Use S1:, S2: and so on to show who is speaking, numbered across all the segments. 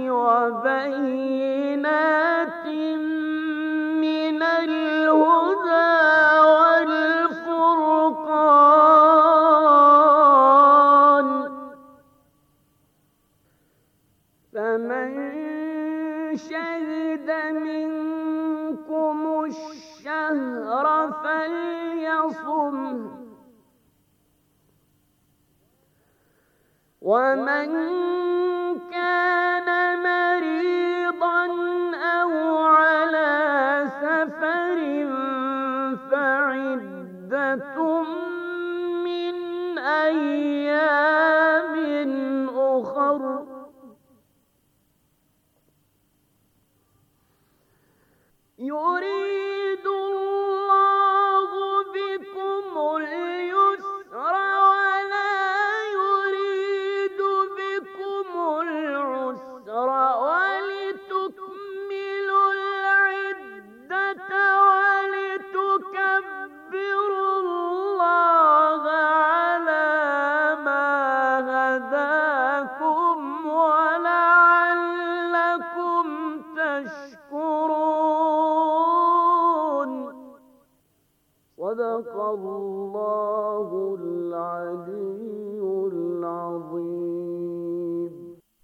S1: وبينات من الهدى والفرقان فمن شهد منكم الشهر ومن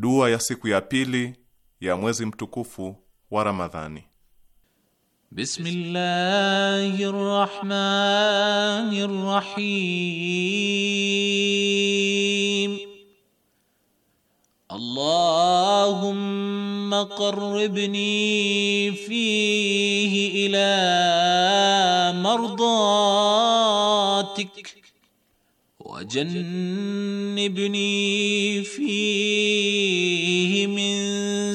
S2: Dua ya siku ya pili ya mwezi mtukufu wa Ramadhani.
S3: Bismillahir Rahmanir Rahim. Allahumma qarribni fihi ila mardati وجنبني فيه من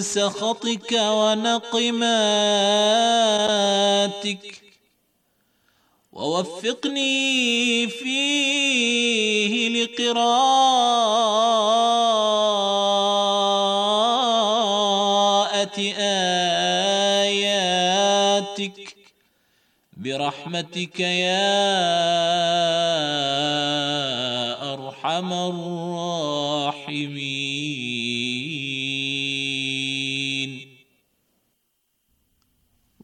S3: سخطك ونقماتك ووفقني فيه لقراءة آياتك برحمتك يا arhamar rahimin.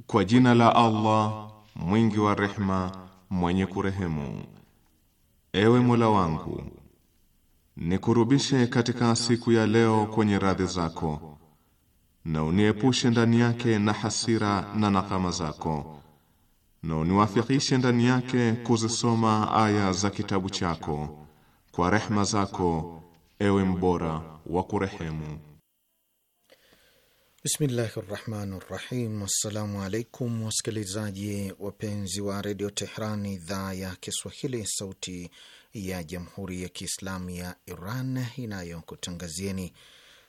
S2: Kwa jina la Allah mwingi wa rehma mwenye kurehemu. Ewe Mola wangu, nikurubishe katika siku ya leo kwenye radhi zako na uniepushe ndani yake na hasira na nakama zako na uniwafikishe ndani yake kuzisoma aya za kitabu chako kwa rehma zako ewe mbora wa kurehemu.
S4: Bismillahi rahmani rahim. Assalamu alaikum wasikilizaji wapenzi wa redio Tehran, idhaa ya Kiswahili, sauti ya jamhuri ya Kiislamu ya Iran inayokutangazieni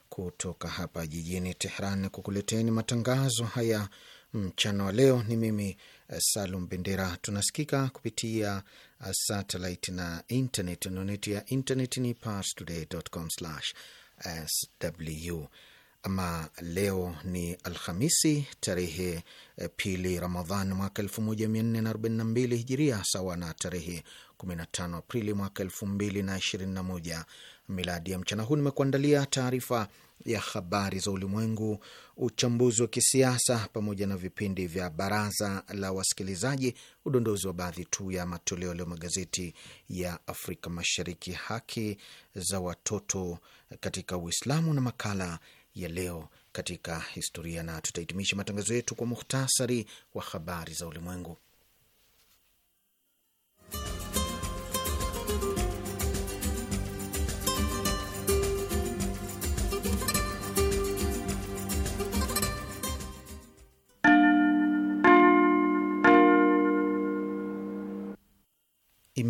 S4: kutoka hapa jijini Tehran kukuleteni matangazo haya mchana wa leo. Ni mimi eh, Salum Bendera. Tunasikika kupitia satellite na internet. Anoneti ya internet ni parstoday.com/sw. Ama leo ni Alhamisi tarehe eh, pili Ramadhan mwaka mbili hijiria sawa na tarehe tano Aprili mwaka moja miladi. Ya mchana huu nimekuandalia taarifa ya habari za ulimwengu, uchambuzi wa kisiasa, pamoja na vipindi vya baraza la wasikilizaji, udondozi wa baadhi tu ya matoleo leo magazeti ya Afrika Mashariki, haki za watoto katika Uislamu na makala ya leo katika historia, na tutahitimisha matangazo yetu kwa muhtasari wa habari za ulimwengu.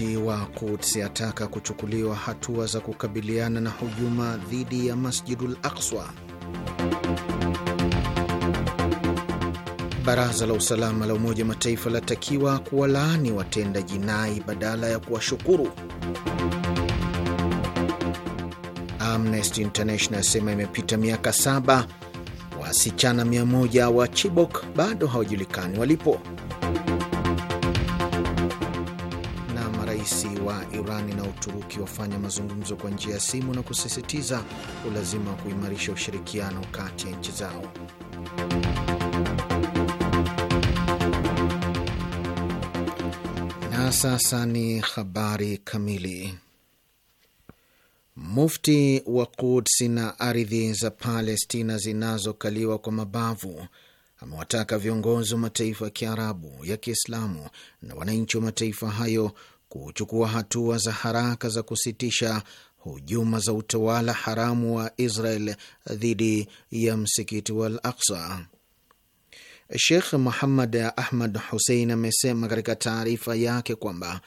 S4: Mufti wa Quds ataka kuchukuliwa hatua za kukabiliana na hujuma dhidi ya Masjidul Aqsa. Baraza la usalama la Umoja Mataifa latakiwa kuwalaani watenda jinai badala ya kuwashukuru. Amnesty International asema imepita miaka saba, wasichana 1 wa Chibok bado hawajulikani walipo. wakiwafanya mazungumzo kwa njia ya simu na kusisitiza ulazima wa kuimarisha ushirikiano kati ya nchi zao. Na sasa ni habari kamili. Mufti wa Kudsi na ardhi za Palestina zinazokaliwa kwa mabavu amewataka viongozi wa mataifa ya Kiarabu ya Kiislamu na wananchi wa mataifa hayo kuchukua hatua za haraka za kusitisha hujuma za utawala haramu wa Israel dhidi ya msikiti wa Al Aksa. Sheikh Muhammad Ahmad Hussein amesema katika taarifa yake kwamba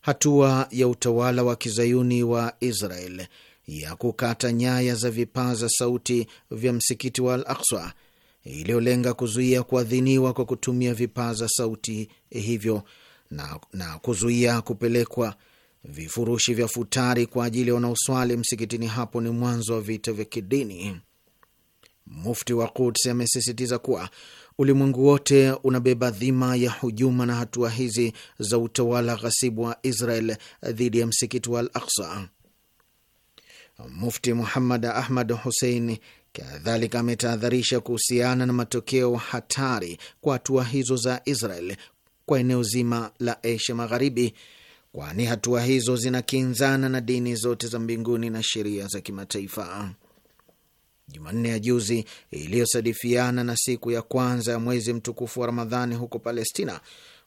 S4: hatua ya utawala wa kizayuni wa Israel ya kukata nyaya za vipaza sauti vya msikiti wa Al aksa iliyolenga kuzuia kuadhiniwa kwa kutumia vipaza sauti hivyo na, na kuzuia kupelekwa vifurushi vya futari kwa ajili ya wanaoswali msikitini hapo ni mwanzo wa vita vya kidini. Mufti wa Quds amesisitiza kuwa ulimwengu wote unabeba dhima ya hujuma na hatua hizi za utawala ghasibu wa Israel dhidi ya msikiti wa Al Aksa. Mufti Muhammad Ahmad Hussein kadhalika ametahadharisha kuhusiana na matokeo hatari kwa hatua hizo za Israel kwa eneo zima la Asia Magharibi, kwani hatua hizo zinakinzana na dini zote za mbinguni na sheria za kimataifa. Jumanne ya juzi iliyosadifiana na siku ya kwanza ya mwezi mtukufu wa Ramadhani huko Palestina,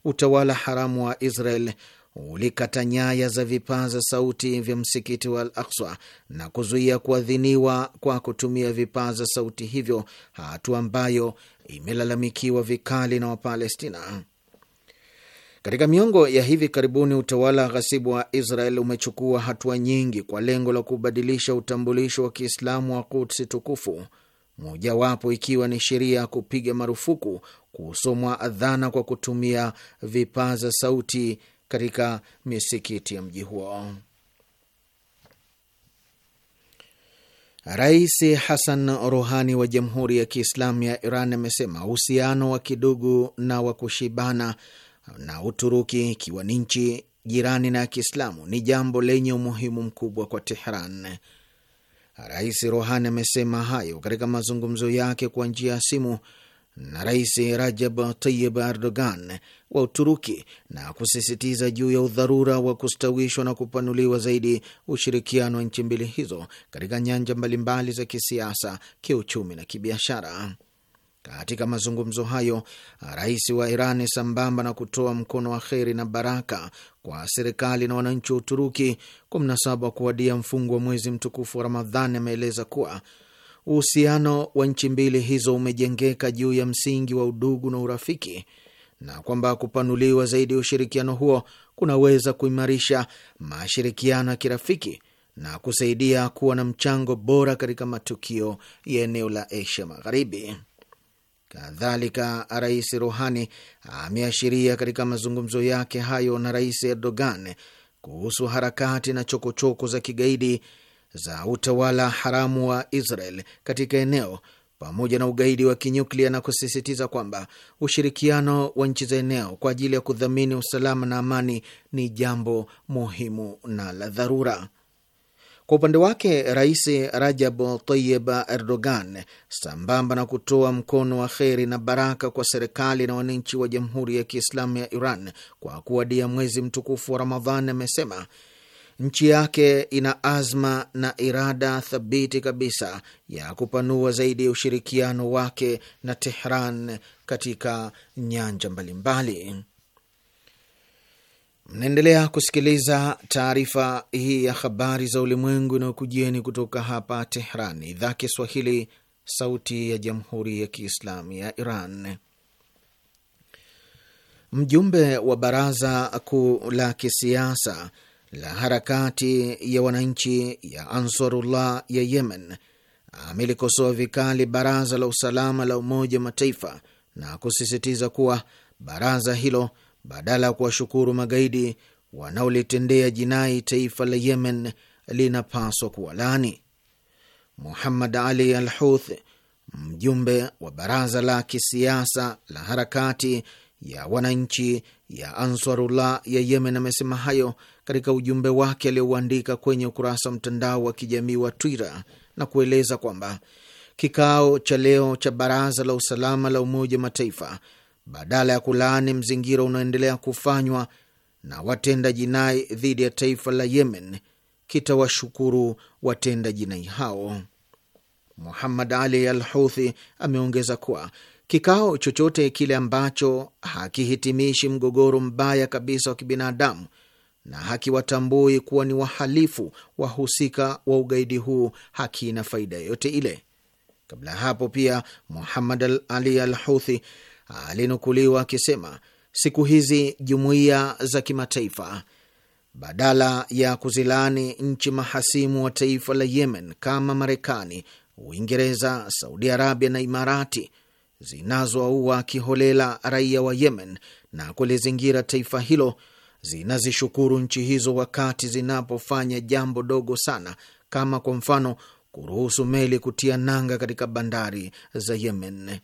S4: utawala haramu wa Israel ulikata nyaya za vipaza sauti vya msikiti wa Al Akswa na kuzuia kuadhiniwa kwa kutumia vipaza sauti hivyo, hatua ambayo imelalamikiwa vikali na Wapalestina. Katika miongo ya hivi karibuni, utawala ghasibu wa Israel umechukua hatua nyingi kwa lengo la kubadilisha utambulisho wa Kiislamu wa kutsi tukufu, mojawapo ikiwa ni sheria ya kupiga marufuku kusomwa adhana kwa kutumia vipaza sauti katika misikiti ya mji huo. Rais Hassan Rouhani wa Jamhuri ya Kiislamu ya Iran amesema uhusiano wa kidugu na wa kushibana na Uturuki ikiwa ni nchi jirani na ya Kiislamu ni jambo lenye umuhimu mkubwa kwa Tehran. Rais Rohani amesema hayo katika mazungumzo yake kwa njia ya simu na Rais Rajab Tayyib Erdogan wa Uturuki na kusisitiza juu ya udharura wa kustawishwa na kupanuliwa zaidi ushirikiano wa nchi mbili hizo katika nyanja mbalimbali za kisiasa, kiuchumi na kibiashara. Katika mazungumzo hayo, rais wa Iran sambamba na kutoa mkono wa kheri na baraka kwa serikali na wananchi wa Uturuki kwa mnasaba wa kuwadia mfungo wa mwezi mtukufu wa Ramadhani, ameeleza kuwa uhusiano wa nchi mbili hizo umejengeka juu ya msingi wa udugu na urafiki na kwamba kupanuliwa zaidi ya ushirikiano huo kunaweza kuimarisha mashirikiano ya kirafiki na kusaidia kuwa na mchango bora katika matukio ya eneo la Asia Magharibi. Kadhalika, Rais rohani ameashiria katika mazungumzo yake hayo na Rais Erdogan kuhusu harakati na chokochoko choko za kigaidi za utawala haramu wa Israel katika eneo pamoja na ugaidi wa kinyuklia na kusisitiza kwamba ushirikiano wa nchi za eneo kwa ajili ya kudhamini usalama na amani ni jambo muhimu na la dharura. Kwa upande wake Rais Rajab Tayyib Erdogan, sambamba na kutoa mkono wa kheri na baraka kwa serikali na wananchi wa Jamhuri ya Kiislamu ya Iran kwa kuwadia mwezi mtukufu wa Ramadhan, amesema nchi yake ina azma na irada thabiti kabisa ya kupanua zaidi ya ushirikiano wake na Tehran katika nyanja mbalimbali mbali. Mnaendelea kusikiliza taarifa hii ya habari za ulimwengu inayokujieni kutoka hapa Tehran, idhaa Kiswahili, sauti ya jamhuri ya kiislamu ya Iran. Mjumbe wa baraza kuu la kisiasa la harakati ya wananchi ya Ansarullah ya Yemen amelikosoa vikali baraza la usalama la Umoja wa Mataifa na kusisitiza kuwa baraza hilo badala ya kuwashukuru magaidi wanaolitendea jinai taifa la Yemen, linapaswa kuwalani. Muhammad Ali al Huth, mjumbe wa baraza la kisiasa la harakati ya wananchi ya Ansarullah ya Yemen, amesema hayo katika ujumbe wake aliouandika kwenye ukurasa wa mtandao wa kijamii wa Twitter na kueleza kwamba kikao cha leo cha baraza la usalama la Umoja wa Mataifa badala ya kulaani mzingiro unaoendelea kufanywa na watenda jinai dhidi ya taifa la Yemen kitawashukuru watenda jinai hao. Muhammad Ali al Houthi ameongeza kuwa kikao chochote kile ambacho hakihitimishi mgogoro mbaya kabisa wa kibinadamu na hakiwatambui kuwa ni wahalifu wahusika wa ugaidi huu hakina faida yoyote ile. Kabla ya hapo pia Muhammad Ali al Houthi alinukuliwa akisema siku hizi jumuiya za kimataifa badala ya kuzilaani nchi mahasimu wa taifa la Yemen kama Marekani, Uingereza, Saudi Arabia na Imarati zinazoua kiholela raia wa Yemen na kulizingira taifa hilo, zinazishukuru nchi hizo wakati zinapofanya jambo dogo sana, kama kwa mfano kuruhusu meli kutia nanga katika bandari za Yemen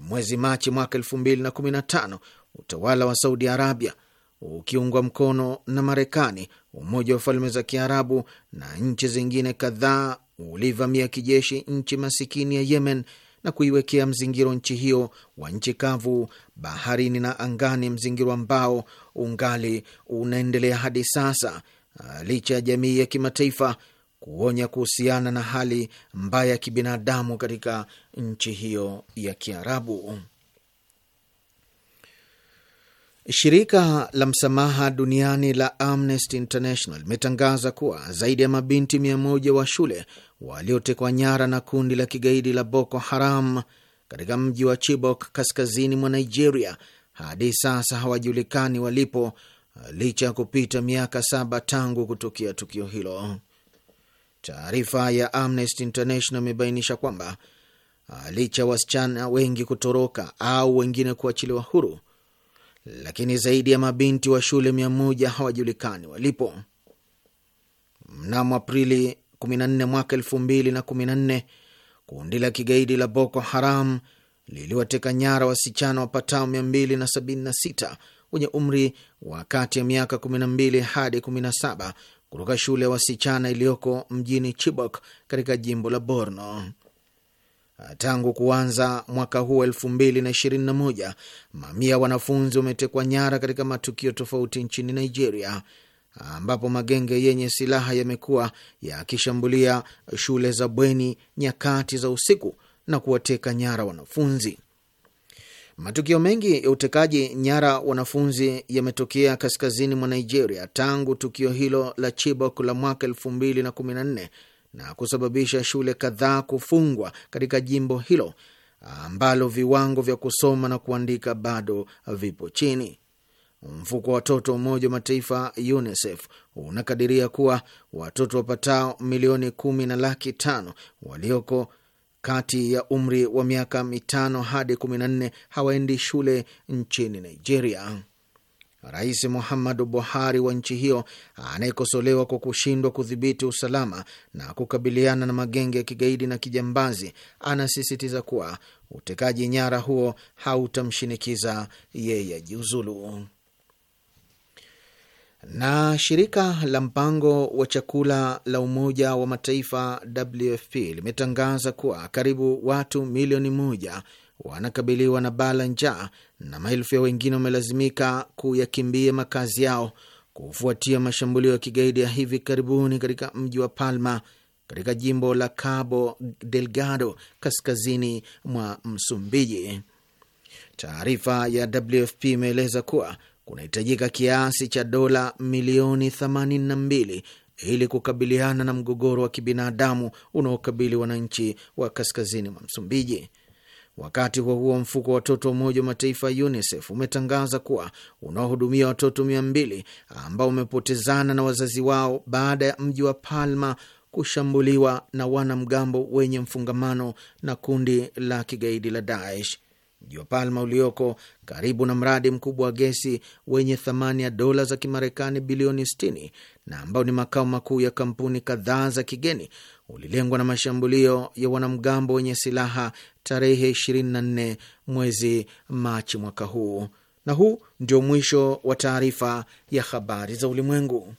S4: mwezi Machi mwaka elfu mbili na kumi na tano utawala wa Saudi Arabia ukiungwa mkono na Marekani, Umoja wa Falme za Kiarabu na nchi zingine kadhaa ulivamia kijeshi nchi masikini ya Yemen na kuiwekea mzingiro nchi hiyo wa nchi kavu, baharini na angani, mzingiro ambao ungali unaendelea hadi sasa licha ya jamii ya kimataifa kuonya kuhusiana na hali mbaya ya kibinadamu katika nchi hiyo ya Kiarabu. Shirika la msamaha duniani la Amnesty International limetangaza kuwa zaidi ya mabinti mia moja wa shule waliotekwa nyara na kundi la kigaidi la Boko Haram katika mji wa Chibok kaskazini mwa Nigeria hadi sasa hawajulikani walipo licha ya kupita miaka saba tangu kutokea tukio hilo. Taarifa ya Amnesty International imebainisha kwamba ah, licha ya wasichana wengi kutoroka au wengine kuachiliwa huru, lakini zaidi ya mabinti wa shule mia moja hawajulikani walipo. Mnamo Aprili 14 mwaka 2014 kundi la kigaidi la Boko Haram liliwateka nyara wasichana wapatao 276 wenye umri wa kati ya miaka 12 hadi 17 kutoka shule ya wasichana iliyoko mjini Chibok katika jimbo la Borno. Tangu kuanza mwaka huu elfu mbili na ishirini na moja, mamia wanafunzi wametekwa nyara katika matukio tofauti nchini Nigeria, ambapo magenge yenye silaha yamekuwa yakishambulia shule za bweni nyakati za usiku na kuwateka nyara wanafunzi. Matukio mengi ya utekaji nyara wanafunzi yametokea kaskazini mwa Nigeria tangu tukio hilo la Chibok la mwaka elfu mbili na kumi na nne na kusababisha shule kadhaa kufungwa katika jimbo hilo ambalo viwango vya kusoma na kuandika bado vipo chini. Mfuko wa watoto wa Umoja wa Mataifa UNICEF unakadiria kuwa watoto wapatao milioni kumi na laki tano walioko kati ya umri wa miaka mitano hadi kumi na nne hawaendi shule nchini Nigeria. Rais Muhammadu Buhari wa nchi hiyo anayekosolewa kwa kushindwa kudhibiti usalama na kukabiliana na magenge ya kigaidi na kijambazi, anasisitiza kuwa utekaji nyara huo hautamshinikiza yeye ajiuzulu. Na shirika la mpango wa chakula la Umoja wa Mataifa WFP limetangaza kuwa karibu watu milioni moja wanakabiliwa na bala njaa na maelfu ya wengine wamelazimika kuyakimbia makazi yao kufuatia mashambulio ya kigaidi ya hivi karibuni katika mji wa Palma katika jimbo la Cabo Delgado kaskazini mwa Msumbiji. Taarifa ya WFP imeeleza kuwa kunahitajika kiasi cha dola milioni 82 ili kukabiliana na mgogoro wa kibinadamu unaokabili wananchi wa kaskazini mwa Msumbiji. Wakati huo huo, mfuko wa watoto wa Umoja wa Mataifa UNICEF umetangaza kuwa unaohudumia watoto 2 ambao umepotezana na wazazi wao baada ya mji wa Palma kushambuliwa na wanamgambo wenye mfungamano na kundi la kigaidi la Daesh. Mji wa Palma ulioko karibu na mradi mkubwa wa gesi wenye thamani ya dola za Kimarekani bilioni 60 na ambao ni makao makuu ya kampuni kadhaa za kigeni ulilengwa na mashambulio ya wanamgambo wenye silaha tarehe 24 mwezi Machi mwaka huu. Na huu ndio mwisho wa taarifa ya habari za ulimwengu.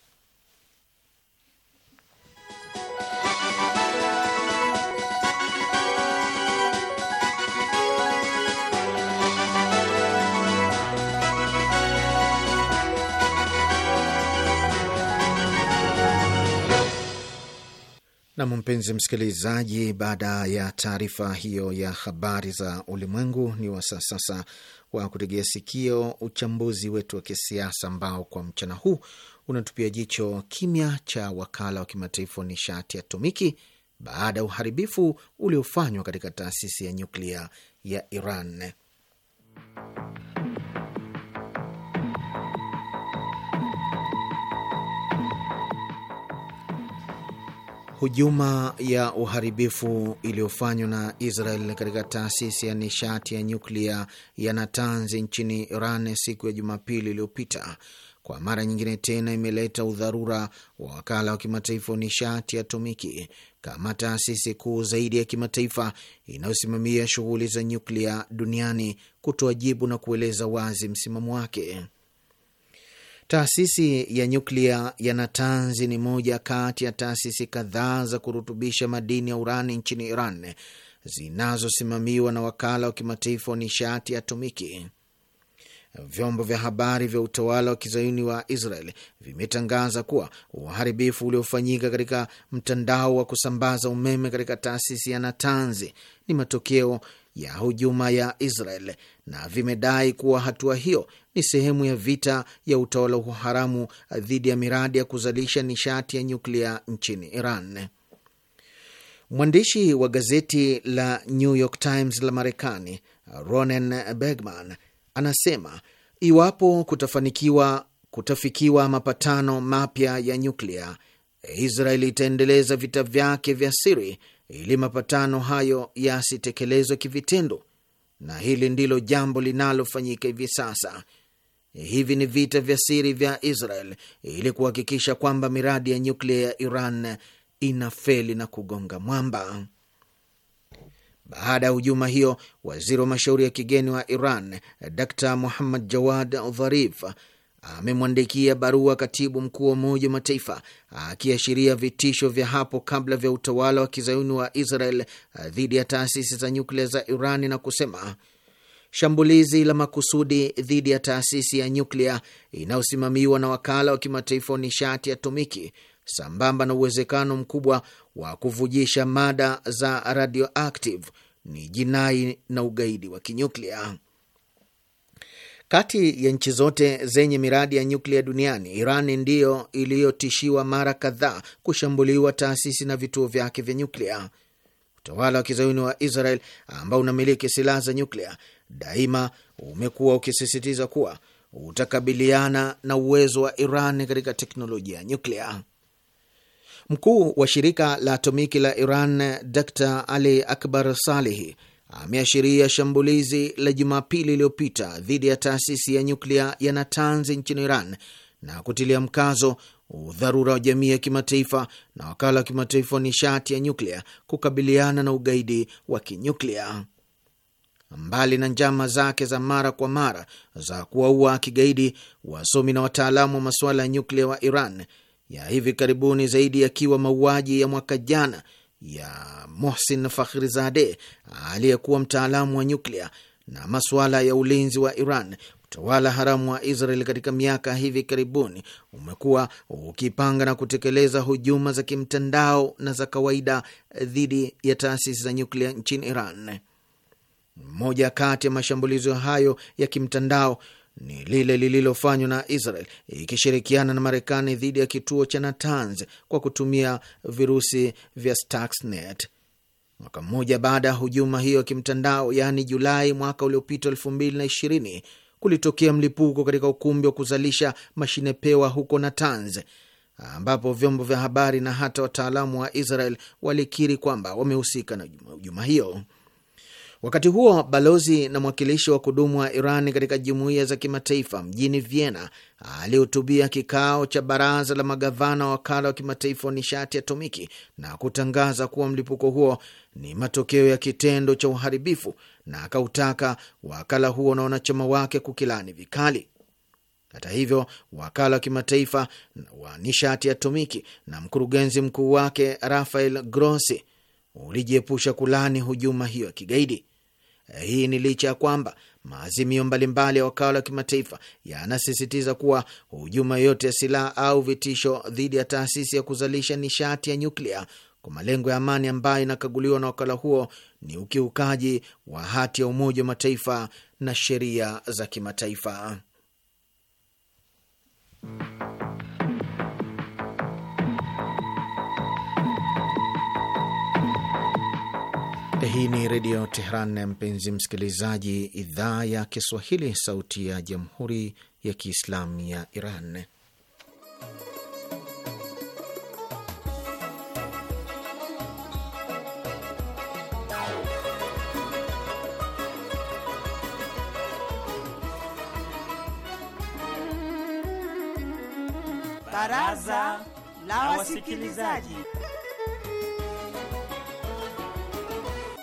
S4: Nam, mpenzi msikilizaji, baada ya taarifa hiyo ya habari za ulimwengu, ni wasaa sasa wa kutegea sikio uchambuzi wetu wa kisiasa ambao kwa mchana huu unatupia jicho kimya cha wakala wa kimataifa wa nishati atomiki baada ya uharibifu uliofanywa katika taasisi ya nyuklia ya Iran. Hujuma ya uharibifu iliyofanywa na Israel katika taasisi ya nishati ya nyuklia ya Natanzi nchini Iran siku ya Jumapili iliyopita kwa mara nyingine tena imeleta udharura wa wakala wa kimataifa wa nishati ya atomiki kama taasisi kuu zaidi ya kimataifa inayosimamia shughuli za nyuklia duniani kutoa jibu na kueleza wazi msimamo wake. Taasisi ya nyuklia ya Natanzi ni moja kati ya taasisi kadhaa za kurutubisha madini ya urani nchini Iran zinazosimamiwa na wakala wa kimataifa wa nishati ya atomiki. Vyombo vya habari vya utawala wa kizayuni wa Israel vimetangaza kuwa uharibifu uliofanyika katika mtandao wa kusambaza umeme katika taasisi ya Natanzi ni matokeo ya hujuma ya Israel na vimedai kuwa hatua hiyo ni sehemu ya vita ya utawala huo haramu dhidi ya miradi ya kuzalisha nishati ya nyuklia nchini Iran. Mwandishi wa gazeti la New York Times la Marekani, Ronen Bergman, anasema iwapo kutafanikiwa kutafikiwa mapatano mapya ya nyuklia, israel itaendeleza vita vyake vya siri ili mapatano hayo yasitekelezwe kivitendo, na hili ndilo jambo linalofanyika hivi sasa. Hivi ni vita vya siri vya Israel ili kuhakikisha kwamba miradi ya nyuklia ya Iran inafeli na kugonga mwamba. Baada ya hujuma hiyo, waziri wa mashauri ya kigeni wa Iran Dr Muhammad Jawad dharif amemwandikia barua katibu mkuu wa Umoja wa Mataifa akiashiria vitisho vya hapo kabla vya utawala wa kizayuni wa Israel uh, dhidi ya taasisi za nyuklia za Irani na kusema shambulizi la makusudi dhidi ya taasisi ya nyuklia inayosimamiwa na wakala wa kimataifa wa nishati atomiki sambamba na uwezekano mkubwa wa kuvujisha mada za radioactive ni jinai na ugaidi wa kinyuklia. Kati ya nchi zote zenye miradi ya nyuklia duniani, Iran ndiyo iliyotishiwa mara kadhaa kushambuliwa taasisi na vituo vyake vya nyuklia. Utawala wa kizayuni wa Israel ambao unamiliki silaha za nyuklia daima umekuwa ukisisitiza kuwa utakabiliana na uwezo wa Iran katika teknolojia ya nyuklia. Mkuu wa shirika la atomiki la Iran Dr Ali Akbar Salehi ameashiria shambulizi la Jumapili iliyopita dhidi ya taasisi ya nyuklia ya Natanz nchini Iran na kutilia mkazo udharura wa jamii ya kimataifa na wakala wa kimataifa wa nishati ya nyuklia kukabiliana na ugaidi wa kinyuklia. Mbali na njama zake za mara kwa mara za kuwaua kigaidi wasomi na wataalamu wa masuala ya nyuklia wa Iran ya hivi karibuni zaidi yakiwa mauaji ya mwaka jana ya Mohsin Fakhrizadeh aliyekuwa mtaalamu wa nyuklia na masuala ya ulinzi wa Iran. Utawala haramu wa Israel katika miaka hivi karibuni umekuwa ukipanga na kutekeleza hujuma za kimtandao na za kawaida dhidi ya taasisi za nyuklia nchini Iran. Mmoja kati ya mashambulizo hayo ya kimtandao ni lile lililofanywa na Israel ikishirikiana na Marekani dhidi ya kituo cha Natanz kwa kutumia virusi vya Stuxnet. Mwaka mmoja baada ya hujuma hiyo ya kimtandao, yaani Julai mwaka uliopita elfu mbili na ishirini, kulitokea mlipuko katika ukumbi wa kuzalisha mashine pewa huko Natanz, ambapo vyombo vya habari na hata wataalamu wa Israel walikiri kwamba wamehusika na hujuma hiyo. Wakati huo balozi na mwakilishi wa kudumu wa Iran katika jumuiya za kimataifa mjini Vienna alihutubia kikao cha baraza la magavana wa wakala wa kimataifa wa nishati atomiki na kutangaza kuwa mlipuko huo ni matokeo ya kitendo cha uharibifu na akautaka wakala huo na wanachama wake kukilani vikali. Hata hivyo wakala wa kimataifa wa nishati atomiki na mkurugenzi mkuu wake Rafael Grossi ulijiepusha kulani hujuma hiyo ya kigaidi. Hii ni licha ya kwamba maazimio mbalimbali ya wakala wa kimataifa yanasisitiza kuwa hujuma yoyote ya silaha au vitisho dhidi ya taasisi ya kuzalisha nishati ya nyuklia kwa malengo ya amani ambayo inakaguliwa na wakala huo ni ukiukaji wa hati ya Umoja wa Mataifa na sheria za kimataifa. Hii ni Redio Tehran, mpenzi msikilizaji, idhaa ya Kiswahili, sauti ya Jamhuri ya Kiislamu ya Iran.
S5: Baraza la Wasikilizaji.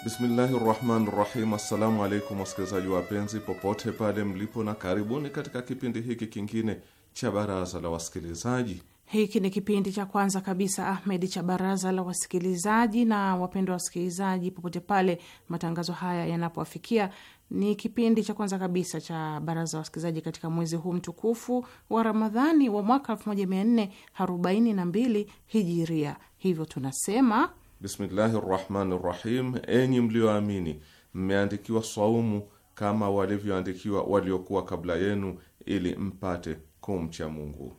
S2: Bismillahi rahmani rahim. Assalamu alaikum wasikilizaji wapenzi popote pale mlipo, na karibuni katika kipindi hiki kingine cha baraza la wasikilizaji.
S5: Hiki ni kipindi cha kwanza kabisa Ahmed cha baraza la wasikilizaji, na wapendwa wasikilizaji, popote pale matangazo haya yanapowafikia, ni kipindi cha kwanza kabisa cha baraza la wasikilizaji katika mwezi huu mtukufu wa Ramadhani wa mwaka 1442 hijiria. Hivyo tunasema
S2: Bismillahi rahmani rahim, enyi mliyoamini, mmeandikiwa saumu kama walivyoandikiwa waliokuwa kabla yenu, ili mpate kumcha Mungu.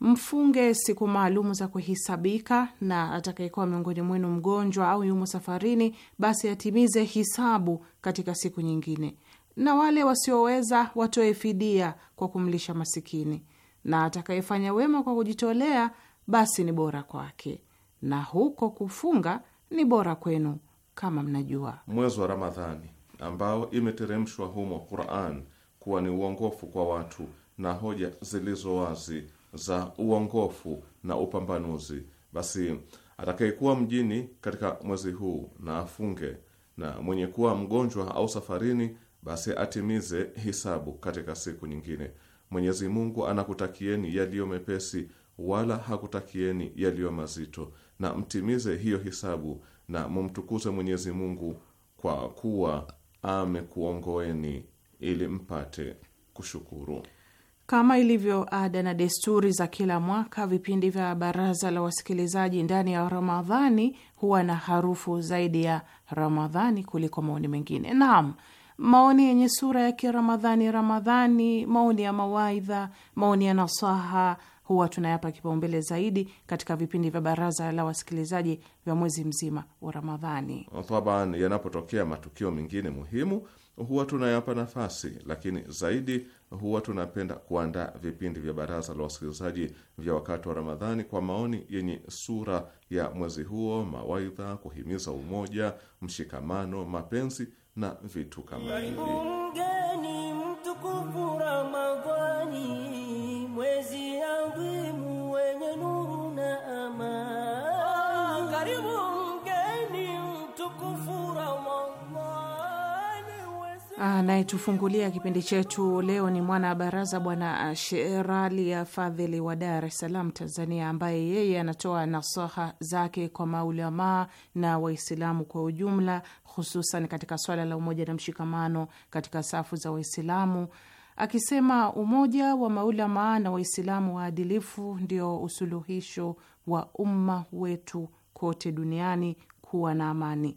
S6: Mfunge
S5: siku maalumu za kuhisabika, na atakayekuwa miongoni mwenu mgonjwa au yumo safarini, basi atimize hisabu katika siku nyingine, na wale wasioweza watoe fidia kwa kumlisha masikini, na atakayefanya wema kwa kujitolea, basi ni bora kwake na huko kufunga ni bora kwenu, kama mnajua
S2: mwezi wa Ramadhani ambao imeteremshwa humo Quran kuwa ni uongofu kwa watu na hoja zilizo wazi za uongofu na upambanuzi. Basi atakayekuwa mjini katika mwezi huu na afunge, na mwenye kuwa mgonjwa au safarini, basi atimize hisabu katika siku nyingine. Mwenyezi Mungu anakutakieni yaliyo mepesi, wala hakutakieni yaliyo mazito na mtimize hiyo hisabu na mumtukuze Mwenyezi Mungu kwa kuwa amekuongoeni ili mpate kushukuru.
S5: Kama ilivyo ada na desturi za kila mwaka, vipindi vya baraza la wasikilizaji ndani ya Ramadhani huwa na harufu zaidi ya Ramadhani kuliko maoni mengine. Naam, maoni yenye sura ya Kiramadhani Ramadhani, maoni ya mawaidha, maoni ya nasaha huwa tunayapa kipaumbele zaidi katika vipindi vya baraza la wasikilizaji vya mwezi mzima wa Ramadhani.
S2: Taban, yanapotokea matukio mengine muhimu huwa tunayapa nafasi, lakini zaidi huwa tunapenda kuandaa vipindi vya baraza la wasikilizaji vya wakati wa Ramadhani kwa maoni yenye sura ya mwezi huo, mawaidha, kuhimiza umoja, mshikamano, mapenzi na vitu kama
S6: hivi.
S5: Anayetufungulia kipindi chetu leo ni mwana baraza Bwana Sherali ya Fadhili wa Dar es Salaam, Tanzania, ambaye yeye anatoa nasaha zake kwa maulamaa na Waislamu kwa ujumla, hususan katika swala la umoja na mshikamano katika safu za Waislamu, akisema umoja wa maulamaa na Waislamu waadilifu ndio usuluhisho wa umma wetu kote duniani kuwa na amani.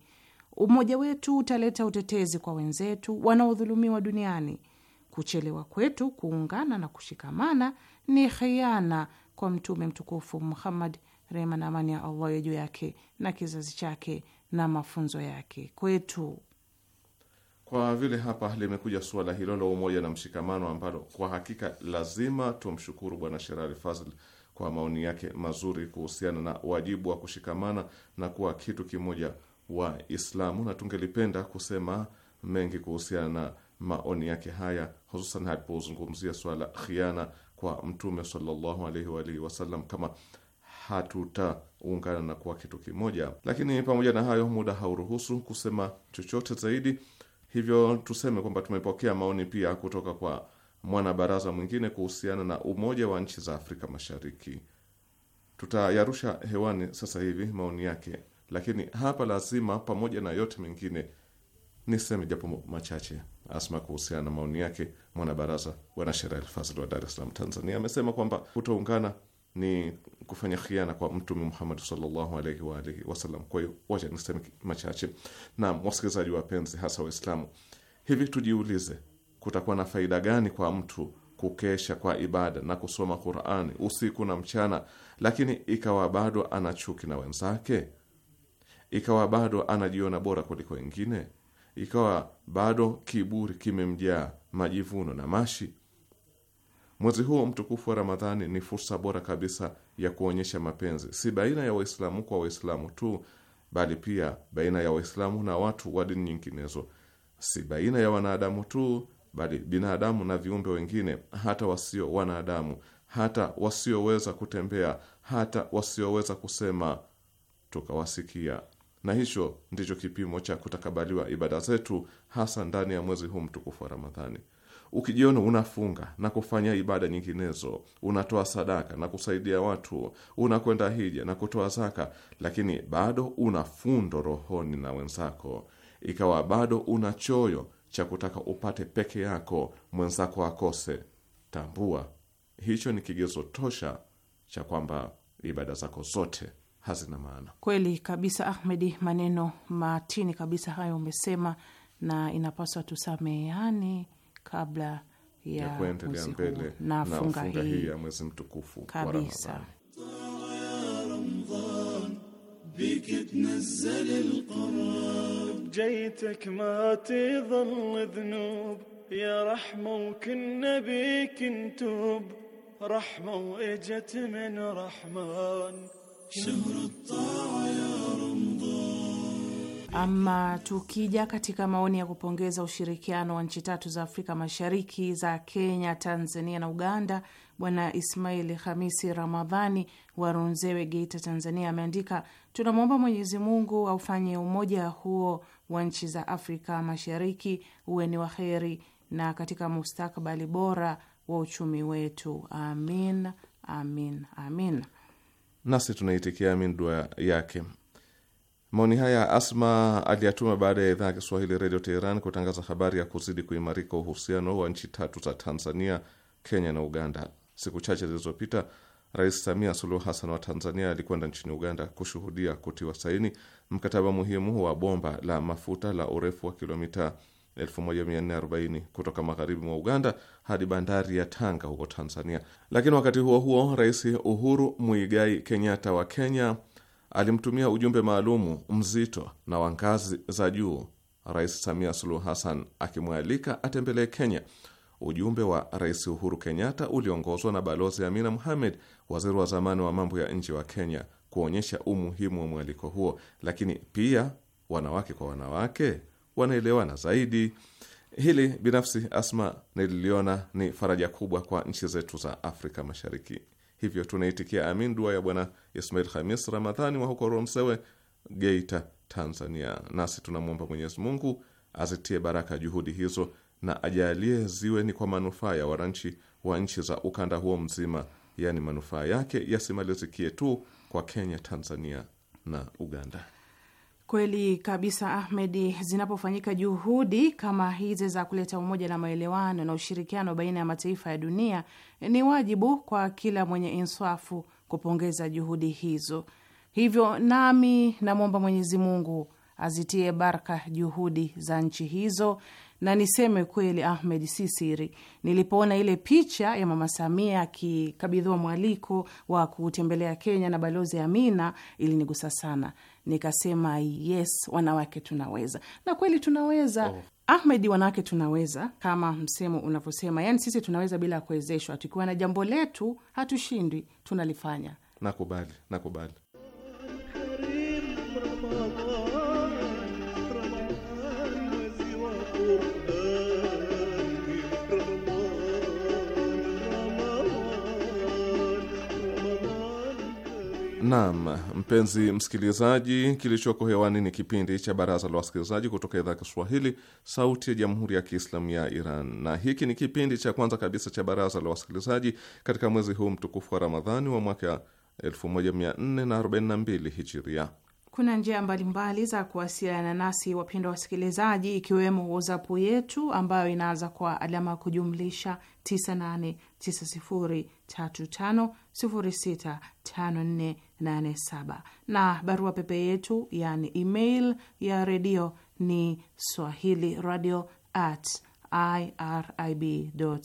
S5: Umoja wetu utaleta utetezi kwa wenzetu wanaodhulumiwa duniani. Kuchelewa kwetu kuungana na kushikamana ni khiana kwa Mtume mtukufu Muhammad, rehma na amani ya Allah ya juu yake na kizazi chake na mafunzo yake kwetu.
S2: Kwa vile hapa limekuja suala hilo la umoja na mshikamano, ambalo kwa hakika lazima tumshukuru Bwana Sherali Fazl kwa maoni yake mazuri kuhusiana na wajibu wa kushikamana na kuwa kitu kimoja wa Islamu, na tungelipenda kusema mengi kuhusiana na maoni yake haya, hususan hatupozungumzia swala khiana kwa Mtume sallallahu alaihi wa alihi wasallam kama hatutaungana na kuwa kitu kimoja. Lakini pamoja na hayo, muda hauruhusu kusema chochote zaidi, hivyo tuseme kwamba tumepokea maoni pia kutoka kwa mwanabaraza mwingine kuhusiana na umoja wa nchi za Afrika Mashariki. Tutayarusha hewani sasa hivi maoni yake lakini hapa lazima, pamoja na yote mengine, niseme japo machache Asma kuhusiana na maoni yake. Mwanabaraza Bwanasheria Elfazl wa Dar es Salaam, Tanzania, amesema kwamba kutoungana ni kufanya khiana kwa Mtume Muhammad sallallahu alaihi wa alihi wasallam. Kwa hiyo wacha niseme machache. Naam, wasikilizaji wapenzi, hasa Waislamu, hivi tujiulize, kutakuwa na faida gani kwa mtu kukesha kwa ibada na kusoma Qur'ani usiku na mchana, lakini ikawa bado ana chuki na wenzake? ikawa bado anajiona bora kuliko wengine, ikawa bado kiburi kimemjaa, majivuno na mashi. Mwezi huo mtukufu wa Ramadhani ni fursa bora kabisa ya kuonyesha mapenzi, si baina ya Waislamu kwa Waislamu tu, bali pia baina ya Waislamu na watu wa dini nyinginezo, si baina ya wanadamu tu, bali binadamu na viumbe wengine, hata wasio wanadamu, hata wasioweza kutembea, hata wasioweza kusema, tukawasikia na hicho ndicho kipimo cha kutakabaliwa ibada zetu, hasa ndani ya mwezi huu mtukufu wa Ramadhani. Ukijiona unafunga na kufanya ibada nyinginezo, unatoa sadaka na kusaidia watu, unakwenda hija na kutoa zaka, lakini bado una fundo rohoni na wenzako, ikawa bado una choyo cha kutaka upate peke yako, mwenzako akose, tambua hicho ni kigezo tosha cha kwamba ibada zako zote hazina maana.
S5: Kweli kabisa, Ahmedi, maneno matini kabisa hayo umesema, na inapaswa tusameheane kabla
S2: ya, kuendelea mbele na funga hii ya mwezi mtukufu kabisa.
S5: Ama tukija katika maoni ya kupongeza ushirikiano wa nchi tatu za Afrika Mashariki za Kenya, Tanzania na Uganda, Bwana Ismaili Hamisi Ramadhani wa Runzewe, Geita, Tanzania, ameandika tunamwomba Mwenyezi Mungu aufanye umoja huo wa nchi za Afrika Mashariki uwe ni waheri na katika mustakabali bora wa uchumi wetu. Amin, amin, amin
S2: nasi tunaitikia amin dua yake. Maoni haya Asma aliyatuma baada ya idhaa ya Kiswahili Redio Teheran kutangaza habari ya kuzidi kuimarika uhusiano wa nchi tatu za Tanzania, Kenya na Uganda. Siku chache zilizopita, Rais Samia Suluhu Hassan wa Tanzania alikwenda nchini Uganda kushuhudia kutiwa saini mkataba muhimu wa bomba la mafuta la urefu wa kilomita 1440 kutoka magharibi mwa Uganda hadi bandari ya Tanga huko Tanzania. Lakini wakati huo huo, Rais Uhuru Muigai Kenyatta wa Kenya alimtumia ujumbe maalumu mzito na wa ngazi za juu Rais Samia Suluhu Hassan akimwalika atembelee Kenya. Ujumbe wa Rais Uhuru Kenyatta uliongozwa na Balozi Amina Mohamed, waziri wa zamani wa mambo ya nje wa Kenya, kuonyesha umuhimu wa mwaliko huo, lakini pia wanawake kwa wanawake wanaelewana zaidi. Hili binafsi Asma nililiona ni faraja kubwa kwa nchi zetu za Afrika Mashariki. Hivyo tunaitikia amin dua ya Bwana Ismail Khamis Ramadhani wa huko Romsewe, Geita, Tanzania. Nasi tunamwomba Mwenyezi Mungu azitie baraka juhudi hizo na ajalie ziwe ni kwa manufaa ya wananchi wa nchi za ukanda huo mzima, yaani manufaa yake yasimalizikie tu kwa Kenya, Tanzania na Uganda.
S5: Kweli kabisa Ahmedi, zinapofanyika juhudi kama hizi za kuleta umoja na maelewano na ushirikiano baina ya mataifa ya dunia, ni wajibu kwa kila mwenye inswafu kupongeza juhudi hizo. Hivyo nami namwomba Mwenyezi Mungu azitie baraka juhudi za nchi hizo na niseme kweli, Ahmed, si siri, nilipoona ile picha ya Mama Samia akikabidhiwa mwaliko wa kutembelea Kenya na Balozi Amina ilinigusa sana, nikasema yes, wanawake tunaweza, na kweli tunaweza oh. Ahmed, wanawake tunaweza, kama msemo unavyosema, yani sisi tunaweza bila kuwezeshwa. Tukiwa na jambo letu hatushindwi, tunalifanya.
S2: Nakubali, nakubali. Naam, mpenzi msikilizaji, kilichoko hewani ni kipindi cha Baraza la Wasikilizaji kutoka idhaa ya Kiswahili, Sauti ya Jamhuri ya Kiislamu ya Iran, na hiki ni kipindi cha kwanza kabisa cha Baraza la Wasikilizaji katika mwezi huu mtukufu wa Ramadhani wa mwaka 1442 Hijiria.
S5: Kuna njia mbalimbali za kuwasiliana nasi wapendwa wasikilizaji, ikiwemo WhatsApp yetu ambayo inaanza kwa alama ya kujumlisha 989035065487 na barua pepe yetu yani email ya redio ni swahili radio at irib ir.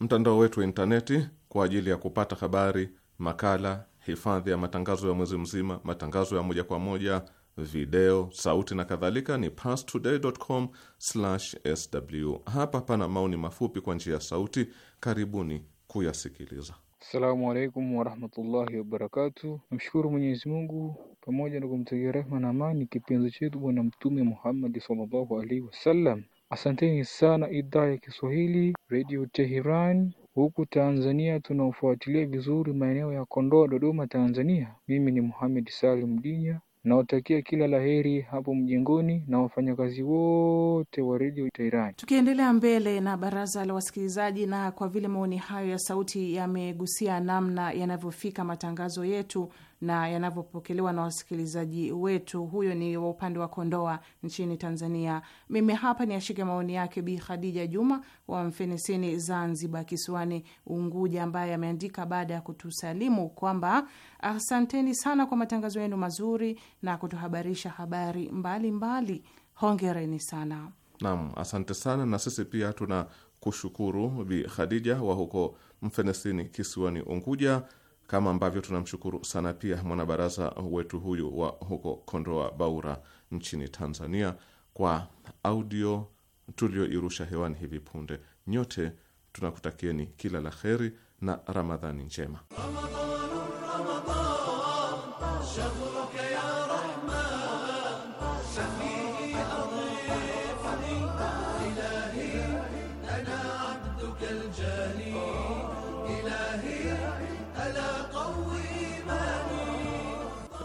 S2: Mtandao wetu wa intaneti kwa ajili ya kupata habari, makala hifadhi ya matangazo ya mwezi mzima, matangazo ya moja kwa moja, video, sauti na kadhalika ni pastoday.com/sw. Hapa pana maoni mafupi kwa njia ya sauti, karibuni kuyasikiliza.
S7: Assalamu alaikum warahmatullahi wabarakatu. Namshukuru Mwenyezi Mungu pamoja na kumtakia rehma na amani kipenzi chetu Bwana Mtume Muhammadi sallallahu alaihi wasallam. Asanteni sana idhaa ya Kiswahili Radio Tehran huku Tanzania tunaofuatilia vizuri maeneo ya Kondoa Dodoma Tanzania mimi ni muhamed Salim Dinya nawatakia kila laheri hapo mjengoni na wafanyakazi wote wa redio Teherani.
S5: Tukiendelea mbele na baraza la wasikilizaji, na kwa vile maoni hayo ya sauti yamegusia namna yanavyofika matangazo yetu, na yanavyopokelewa na wasikilizaji wetu. Huyo ni wa upande wa Kondoa nchini Tanzania. Mimi hapa ni ashike maoni yake Bi Khadija Juma wa Mfenesini, Zanzibar, kisiwani Unguja, ambaye ameandika baada ya kutusalimu kwamba asanteni sana kwa matangazo yenu mazuri na kutuhabarisha habari mbalimbali. Hongereni sana.
S2: Naam, asante sana. Na sisi pia tuna kushukuru Bi Khadija wa huko Mfenesini, kisiwani Unguja kama ambavyo tunamshukuru sana pia mwanabaraza wetu huyu wa huko Kondoa Baura nchini Tanzania kwa audio tulioirusha hewani hivi punde. Nyote tunakutakieni kila la kheri na Ramadhani njema
S6: Ramadan, Ramadan,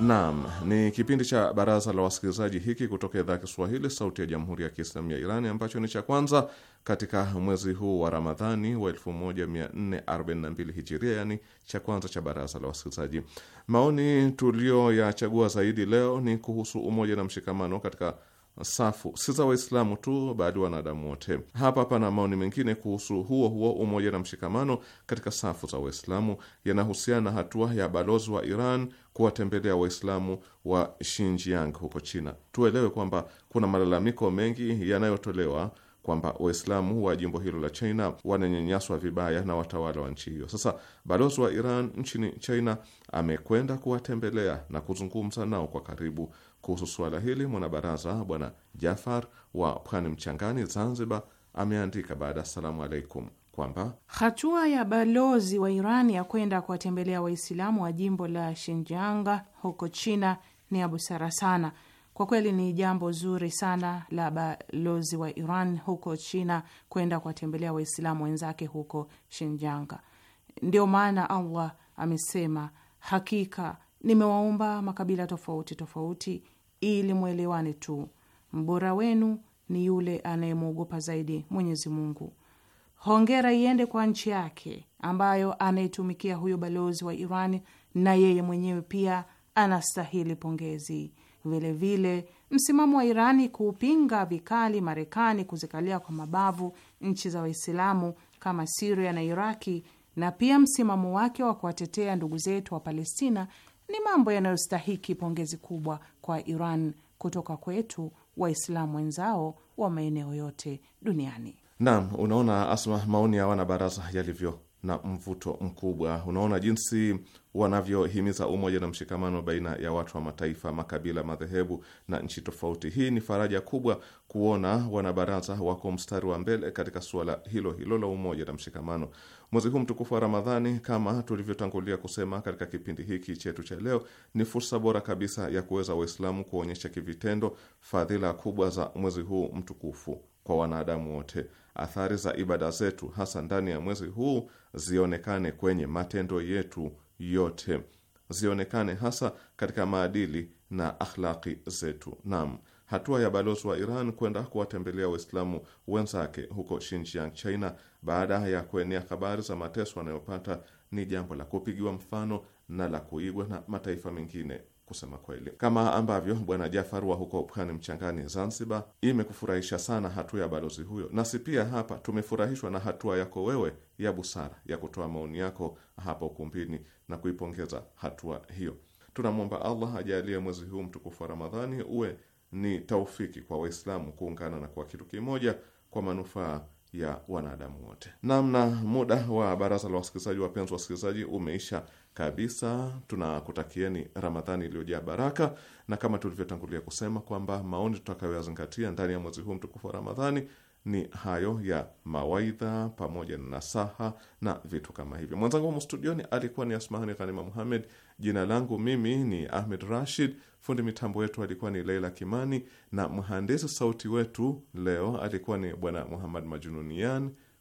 S2: Naam, ni kipindi cha baraza la wasikilizaji hiki kutoka idhaa Kiswahili sauti ya jamhuri ya Kiislamu ya Iran ambacho ni cha kwanza katika mwezi huu wa Ramadhani wa 1442 hijiria, yani cha kwanza cha baraza la wasikilizaji. Maoni tuliyoyachagua zaidi leo ni kuhusu umoja na mshikamano katika safu si za Waislamu tu bali wanadamu wote. Hapa pana maoni mengine kuhusu huo huo umoja na mshikamano katika safu za Waislamu, yanahusiana na hatua ya balozi wa Iran kuwatembelea Waislamu wa Xinjiang huko China. Tuelewe kwamba kuna malalamiko mengi yanayotolewa kwamba Waislamu wa jimbo hilo la China wananyanyaswa vibaya na watawala wa nchi hiyo. Sasa balozi wa Iran nchini China amekwenda kuwatembelea na kuzungumza nao kwa karibu kuhusu suala hili, mwanabaraza Bwana Jafar wa Pwani Mchangani, Zanzibar, ameandika baada ya salamu alaikum kwamba
S5: hatua ya balozi wa Iran ya kwenda kuwatembelea Waislamu wa jimbo la Shinjanga huko China ni ya busara sana. Kwa kweli ni jambo zuri sana la balozi wa Iran huko China kwenda kuwatembelea Waislamu wenzake huko Shinjanga. Ndio maana Allah amesema, hakika nimewaomba makabila tofauti tofauti ili mwelewane tu. Mbora wenu ni yule anayemwogopa zaidi Mwenyezi Mungu. Hongera iende kwa nchi yake ambayo anayetumikia huyo balozi wa iran na yeye mwenyewe pia anastahili pongezi. Vilevile, msimamo wa Irani kuupinga vikali Marekani kuzikalia kwa mabavu nchi za Waislamu kama Siria na Iraki, na pia msimamo wake wa kuwatetea ndugu zetu wa Palestina ni mambo yanayostahiki pongezi kubwa kwa Iran kutoka kwetu Waislamu wenzao wa maeneo yote duniani.
S2: Naam, unaona Asma, maoni ya wanabaraza yalivyo na mvuto mkubwa. Unaona jinsi wanavyohimiza umoja na mshikamano baina ya watu wa mataifa, makabila, madhehebu na nchi tofauti. Hii ni faraja kubwa kuona wanabaraza wako mstari wa mbele katika suala hilo hilo la umoja na mshikamano. Mwezi huu mtukufu wa Ramadhani, kama tulivyotangulia kusema katika kipindi hiki chetu cha leo, ni fursa bora kabisa ya kuweza Waislamu kuonyesha kivitendo fadhila kubwa za mwezi huu mtukufu kwa wanadamu wote athari za ibada zetu, hasa ndani ya mwezi huu, zionekane kwenye matendo yetu yote, zionekane hasa katika maadili na akhlaki zetu. Naam, hatua ya balozi wa Iran kwenda kuwatembelea Waislamu wenzake huko Xinjiang, China, baada ya kuenea habari za mateso anayopata ni jambo la kupigiwa mfano na la kuigwa na mataifa mengine kusema kweli. Kama ambavyo bwana Jafar wa huko Pwani Mchangani, Zanzibar, imekufurahisha sana hatua ya balozi huyo, nasi pia hapa tumefurahishwa na hatua yako wewe ya busara ya kutoa maoni yako hapa ukumbini na kuipongeza hatua hiyo. Tunamwomba Allah ajalie mwezi huu mtukufu wa Ramadhani uwe ni taufiki kwa Waislamu kuungana na kwa kitu kimoja kwa manufaa ya wanadamu wote. Namna muda wa baraza la wasikilizaji, wapenzi wasikilizaji, umeisha kabisa. Tunakutakieni Ramadhani iliyojaa baraka, na kama tulivyotangulia kusema kwamba maoni tutakayoyazingatia ndani ya mwezi huu mtukufu wa Ramadhani ni hayo ya mawaidha pamoja na nasaha na vitu kama hivyo. Mwenzangu humu studioni alikuwa ni Asmahani Ghanima Muhammed. Jina langu mimi ni Ahmed Rashid. Fundi mitambo wetu alikuwa ni Leila Kimani, na mhandisi sauti wetu leo alikuwa ni Bwana Muhammad Majununian.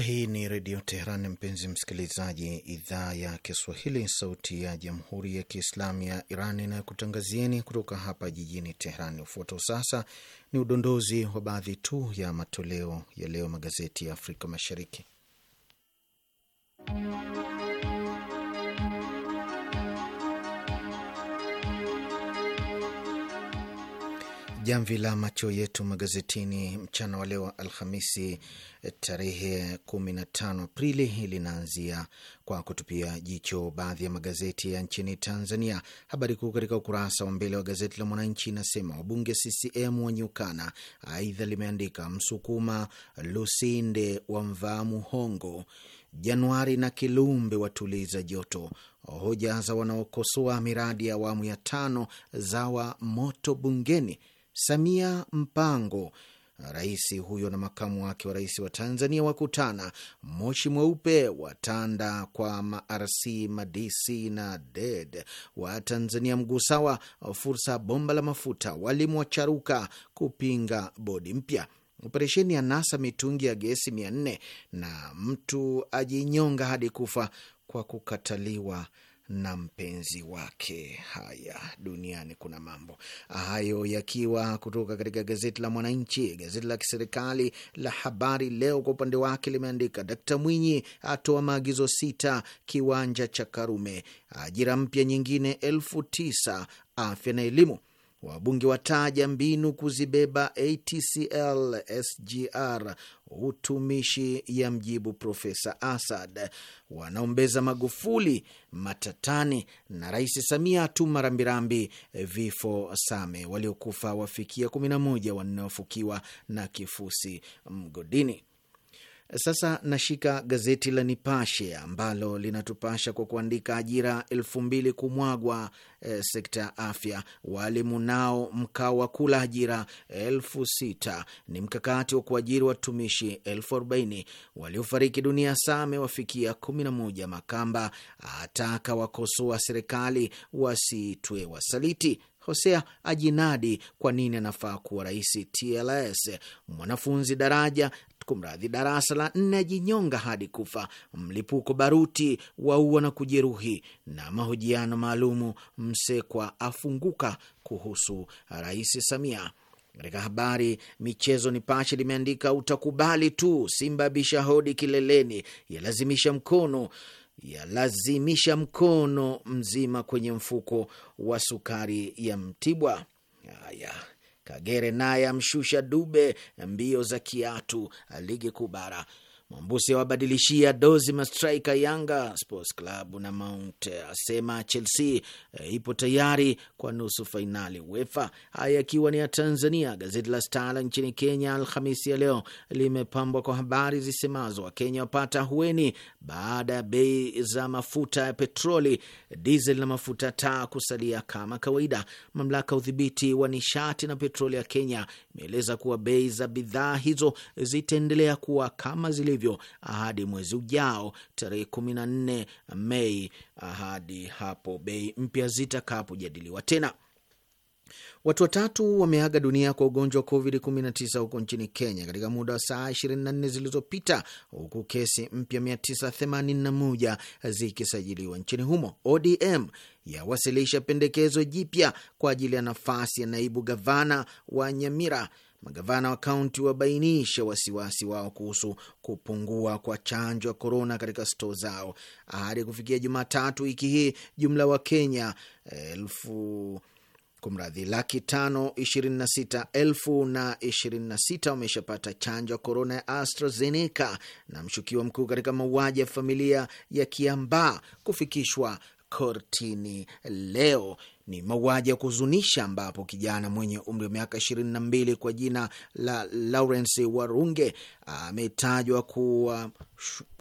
S4: Hii ni Redio Teheran, mpenzi msikilizaji, idhaa ya Kiswahili, sauti ya Jamhuri ya Kiislamu ya Iran inayokutangazieni kutoka hapa jijini Teheran. Ufuatao sasa ni udondozi wa baadhi tu ya matoleo ya leo magazeti ya Afrika Mashariki. Jamvi la macho yetu magazetini mchana wa leo Alhamisi tarehe 15 Aprili linaanzia kwa kutupia jicho baadhi ya magazeti ya nchini Tanzania. Habari kuu katika ukurasa wa mbele wa gazeti la Mwananchi inasema wabunge CCM wanyukana. Aidha limeandika Msukuma Lusinde wamvaa Muhongo Januari na Kilumbe watuliza joto. Hoja za wanaokosoa miradi ya awamu ya tano zawa moto bungeni. Samia Mpango, rais huyo na makamu wake wa rais wa Tanzania wakutana moshi mweupe watanda kwa marc MADC na DED e wa Tanzania mgusawa fursa bomba la mafuta, walimu wacharuka kupinga bodi mpya, operesheni ya NASA mitungi ya gesi mia nne na mtu ajinyonga hadi kufa kwa kukataliwa na mpenzi wake. Haya, duniani kuna mambo hayo yakiwa kutoka katika gazeti la Mwananchi. Gazeti la kiserikali la Habari Leo kwa upande wake limeandika Dkta Mwinyi atoa maagizo sita kiwanja cha Karume, ajira mpya nyingine elfu tisa afya na elimu Wabunge wataja mbinu kuzibeba ATCL SGR utumishi ya mjibu Profesa Asad. Wanaombeza Magufuli matatani na Rais Samia atuma rambirambi. Vifo Same, waliokufa wafikia 11, wanaofukiwa na kifusi mgodini. Sasa nashika gazeti la Nipashe ambalo linatupasha kwa kuandika ajira elfu mbili kumwagwa e, sekta ya afya. Waalimu nao mkao wa kula ajira elfu sita ni mkakati wa kuajiri watumishi elfu arobaini waliofariki dunia. Same wafikia kumi na moja. Makamba ataka wakosoa serikali wasitwe wasaliti. Hosea ajinadi kwa nini anafaa kuwa rais. TLS mwanafunzi daraja kumradhi, darasa la nne ajinyonga hadi kufa, mlipuko baruti waua na kujeruhi, na mahojiano maalumu Msekwa afunguka kuhusu Rais Samia. Katika habari michezo, Nipashe limeandika utakubali tu, Simba bisha hodi kileleni, yalazimisha mkono yalazimisha mkono mzima kwenye mfuko wa sukari ya Mtibwa. Haya. Kagere naye amshusha Dube mbio za kiatu ligi kuu bara. Mwambusi awabadilishia dozi mastrika Yanga Sports Club na Mount asema Chelsea eh, ipo tayari kwa nusu fainali UEFA. Haya akiwa ni ya Tanzania. Gazeti la Stala nchini Kenya Alhamisi ya leo limepambwa kwa habari zisemazo Wakenya wapata hueni baada ya bei za mafuta ya petroli, dizeli na mafuta taa kusalia kama kawaida. Mamlaka ya udhibiti wa nishati na petroli ya Kenya imeeleza kuwa bei za bidhaa hizo zitaendelea kuwa kama zilivyo hivyo hadi mwezi ujao tarehe 14 Mei, hadi hapo bei mpya zitakapojadiliwa tena. Watu watatu wameaga dunia kwa ugonjwa wa COVID-19 huko nchini Kenya katika muda wa saa 24 zilizopita, huku kesi mpya 981 zikisajiliwa nchini humo. ODM yawasilisha pendekezo jipya kwa ajili ya nafasi ya naibu gavana wa Nyamira. Magavana wa kaunti wabainisha wasiwasi wao kuhusu kupungua kwa chanjo ya korona katika stoo zao. Hadi kufikia Jumatatu wiki hii, jumla wa Kenya elfu kumradhi laki tano ishirini na sita elfu na ishirini na sita wameshapata chanjo ya korona ya AstraZeneca na mshukiwa mkuu katika mauaji ya familia ya Kiambaa kufikishwa kortini leo. Ni mauaji ya kuhuzunisha ambapo kijana mwenye umri wa miaka ishirini na mbili kwa jina la Lawrence Warunge ametajwa kuwa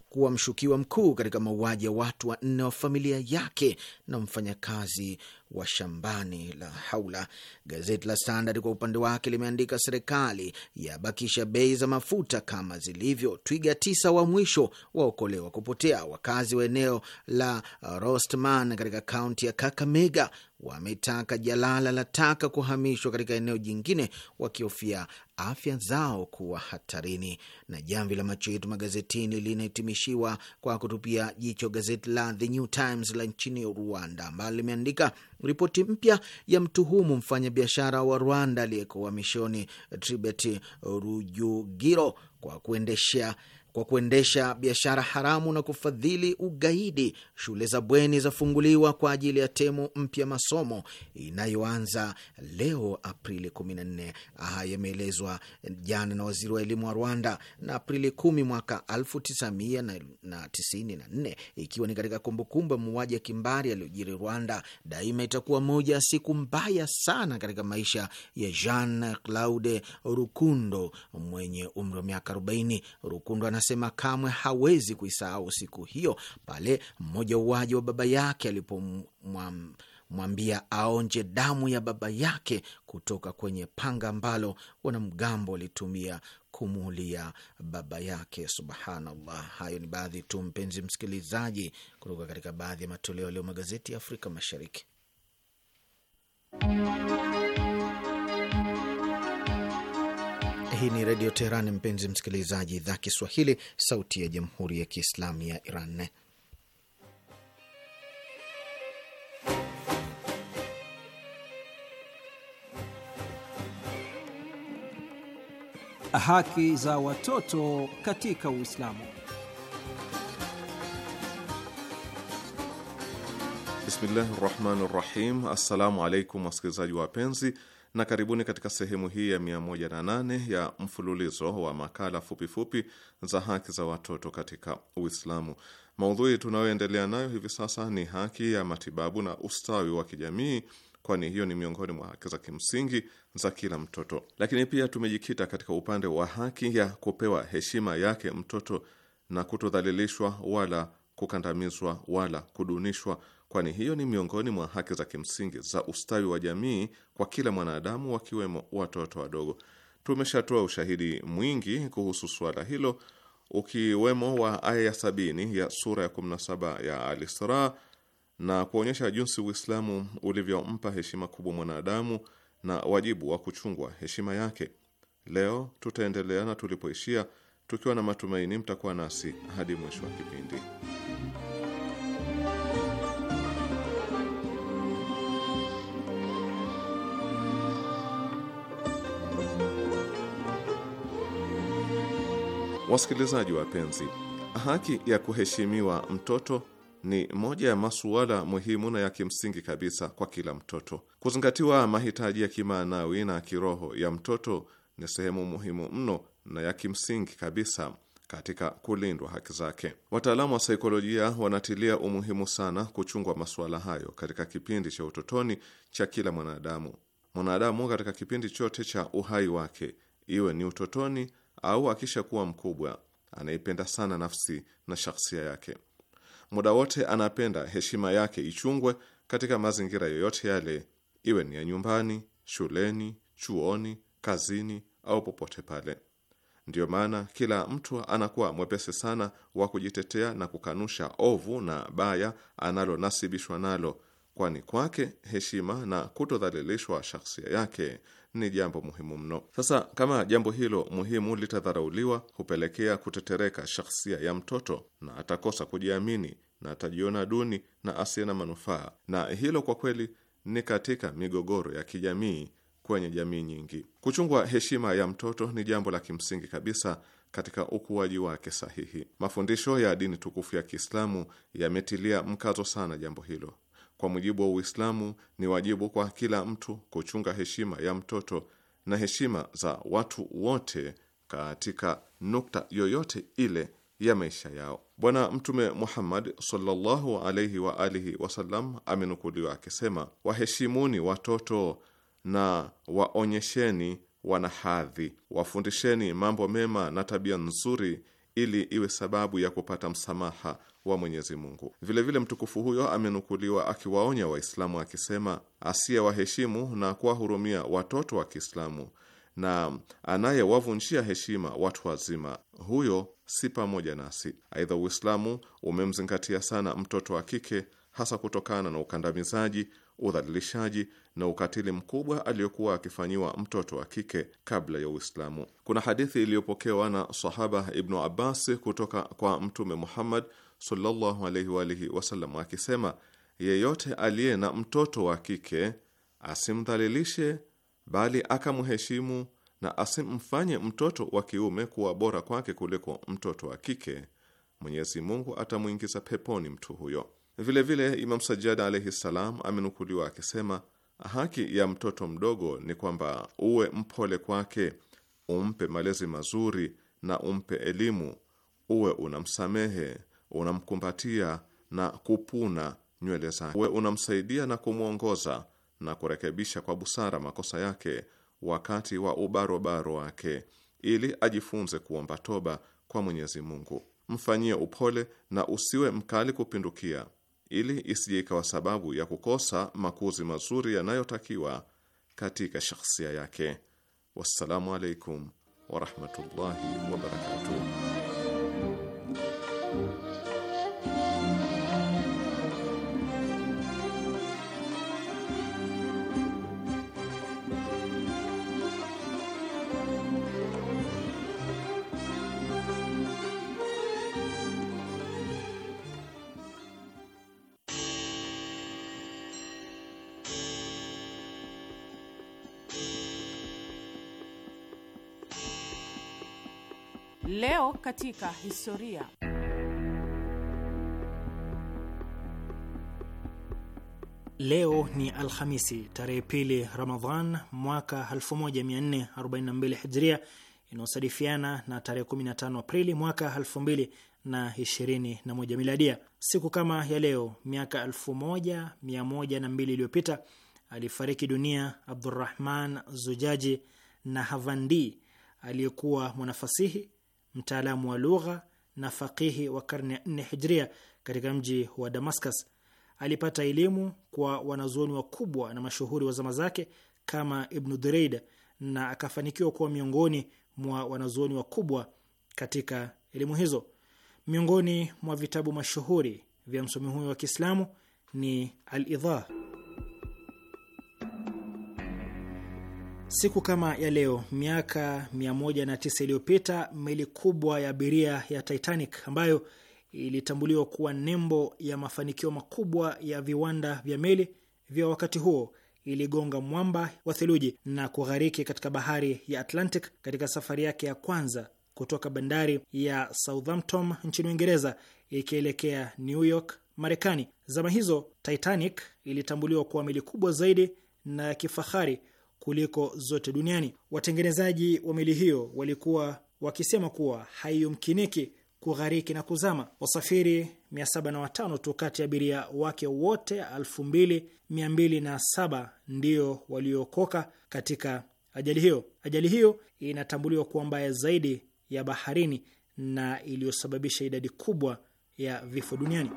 S4: kuwa mshukiwa mkuu katika mauaji ya watu wanne wa familia yake na mfanyakazi wa shambani. La haula! Gazeti la Standard kwa upande wake limeandika serikali yabakisha bei za mafuta kama zilivyo. Twiga tisa wa mwisho waokolewa kupotea. Wakazi wa eneo la Rostman katika kaunti ya Kakamega wametaka jalala la taka kuhamishwa katika eneo jingine, wakihofia afya zao kuwa hatarini. Na jamvi la macho yetu magazetini linahitimishiwa kwa kutupia jicho gazeti la The New Times la nchini Rwanda, ambalo limeandika ripoti mpya ya mtuhumu mfanyabiashara wa Rwanda aliyeko uhamishoni Tribet Rujugiro kwa kuendeshea kwa kuendesha biashara haramu na kufadhili ugaidi, shule za bweni zafunguliwa kwa ajili ya temu mpya masomo inayoanza leo Aprili 14. Haya yameelezwa jana na waziri wa elimu wa Rwanda. Na Aprili 10 mwaka 1994, ikiwa ni katika kumbukumbu ya mauaji ya kimbari yaliyojiri Rwanda, daima itakuwa moja ya siku mbaya sana katika maisha ya Jean Claude Rukundo mwenye umri wa miaka 40. Rukundo ana anasema kamwe hawezi kuisahau siku hiyo pale mmoja uwaji wa baba yake alipomwambia aonje damu ya baba yake kutoka kwenye panga ambalo wanamgambo walitumia kumuulia baba yake. Subhanallah. Hayo ni baadhi tu, mpenzi msikilizaji, kutoka katika baadhi ya matoleo yaliyo magazeti ya Afrika Mashariki. Hii ni Redio Teheran, mpenzi msikilizaji, idhaa Kiswahili, sauti ya Jamhuri ya Kiislamu ya Iran.
S7: Haki za watoto katika Uislamu.
S2: Bismillahi rahmani rahim. Assalamu alaikum wasikilizaji wapenzi na karibuni katika sehemu hii ya 108 ya mfululizo wa makala fupifupi fupi za haki za watoto katika Uislamu. Maudhui tunayoendelea nayo hivi sasa ni haki ya matibabu na ustawi wa kijamii, kwani hiyo ni miongoni mwa haki za kimsingi za kila mtoto. Lakini pia tumejikita katika upande wa haki ya kupewa heshima yake mtoto na kutodhalilishwa wala kukandamizwa wala kudunishwa kwani hiyo ni miongoni mwa haki za kimsingi za ustawi wa jamii kwa kila mwanadamu, wakiwemo watoto wadogo. Tumeshatoa ushahidi mwingi kuhusu suala hilo ukiwemo wa aya ya sabini ya sura ya 17 ya alisra na kuonyesha jinsi Uislamu ulivyompa heshima kubwa mwanadamu na wajibu wa kuchungwa heshima yake. Leo tutaendelea na tulipoishia, tukiwa na matumaini mtakuwa nasi hadi mwisho wa kipindi. Wasikilizaji wapenzi, haki ya kuheshimiwa mtoto ni moja ya masuala muhimu na ya kimsingi kabisa kwa kila mtoto. Kuzingatiwa mahitaji ya kimaanawi na kiroho ya mtoto ni sehemu muhimu mno na ya kimsingi kabisa katika kulindwa haki zake. Wataalamu wa saikolojia wanatilia umuhimu sana kuchungwa masuala hayo katika kipindi cha utotoni cha kila mwanadamu. Mwanadamu katika kipindi chote cha uhai wake, iwe ni utotoni au akishakuwa mkubwa anaipenda sana nafsi na shakhsia yake. Muda wote anapenda heshima yake ichungwe katika mazingira yoyote yale, iwe ni ya nyumbani, shuleni, chuoni, kazini au popote pale. Ndiyo maana kila mtu anakuwa mwepesi sana wa kujitetea na kukanusha ovu na baya analonasibishwa nalo, kwani kwake heshima na kutodhalilishwa shakhsia yake ni jambo muhimu mno. Sasa kama jambo hilo muhimu litadharauliwa, hupelekea kutetereka shakhsia ya mtoto na atakosa kujiamini na atajiona duni na asiye na manufaa, na hilo kwa kweli ni katika migogoro ya kijamii kwenye jamii nyingi. Kuchungwa heshima ya mtoto ni jambo la kimsingi kabisa katika ukuaji wake sahihi. Mafundisho ya dini tukufu ya Kiislamu yametilia mkazo sana jambo hilo kwa mujibu wa Uislamu ni wajibu kwa kila mtu kuchunga heshima ya mtoto na heshima za watu wote katika nukta yoyote ile ya maisha yao. Bwana Mtume Muhammad sallallahu alaihi wa alihi wasallam amenukuliwa akisema, waheshimuni watoto na waonyesheni wanahadhi, wafundisheni mambo mema na tabia nzuri ili iwe sababu ya kupata msamaha wa Mwenyezi Mungu. Vilevile mtukufu huyo amenukuliwa akiwaonya Waislamu akisema, asiyewaheshimu na kuwahurumia watoto wa Kiislamu na anayewavunjia heshima watu wazima, huyo si pamoja nasi. Aidha, Uislamu umemzingatia sana mtoto wa kike hasa kutokana na ukandamizaji udhalilishaji na ukatili mkubwa aliyokuwa akifanyiwa mtoto wa kike kabla ya Uislamu. Kuna hadithi iliyopokewa na sahaba Ibnu Abbas kutoka kwa Mtume Muhammad sallallahu alaihi wa alihi wasallam akisema, yeyote aliye na mtoto wa kike asimdhalilishe, bali akamheshimu na asimfanye mtoto wa kiume kuwa bora kwake kuliko mtoto wa kike, Mwenyezi Mungu atamwingiza peponi mtu huyo. Vilevile Imam Sajjad alaihi ssalam amenukuliwa akisema, haki ya mtoto mdogo ni kwamba uwe mpole kwake, umpe malezi mazuri na umpe elimu, uwe unamsamehe, unamkumbatia na kupuna nywele zake, uwe unamsaidia na kumwongoza na kurekebisha kwa busara makosa yake wakati wa ubarobaro wake, ili ajifunze kuomba toba kwa Mwenyezi Mungu. Mfanyie upole na usiwe mkali kupindukia, ili isije ikawa sababu ya kukosa makuzi mazuri yanayotakiwa katika shakhsia yake. Wassalamu alaikum warahmatullahi wabarakatuh.
S5: Leo katika historia.
S7: Leo ni Alhamisi tarehe pili Ramadhan mwaka 1442 Hijria, inayosadifiana na tarehe 15 Aprili mwaka 2021 Miladia. Siku kama ya leo miaka 1102 iliyopita alifariki dunia Abdurrahman Zujaji na Havandi aliyekuwa mwanafasihi mtaalamu wa lugha na faqihi wa karne ya nne hijria katika mji wa Damascus. Alipata elimu kwa wanazuoni wakubwa na mashuhuri wa zama zake kama Ibnu Dhureida na akafanikiwa kuwa miongoni mwa wanazuoni wakubwa katika elimu hizo. Miongoni mwa vitabu mashuhuri vya msomi huyo wa Kiislamu ni Al-Idha. Siku kama ya leo miaka 109 iliyopita meli kubwa ya abiria ya Titanic ambayo ilitambuliwa kuwa nembo ya mafanikio makubwa ya viwanda vya meli vya wakati huo iligonga mwamba wa theluji na kughariki katika bahari ya Atlantic katika safari yake ya kwanza kutoka bandari ya Southampton nchini Uingereza ikielekea New York, Marekani. Zama hizo Titanic ilitambuliwa kuwa meli kubwa zaidi na ya kifahari kuliko zote duniani. Watengenezaji wa meli hiyo walikuwa wakisema kuwa haiyumkiniki kughariki na kuzama. Wasafiri 705 tu kati ya abiria wake wote 2207 ndio waliokoka katika ajali hiyo. Ajali hiyo inatambuliwa kuwa mbaya zaidi ya baharini na iliyosababisha idadi kubwa ya vifo duniani.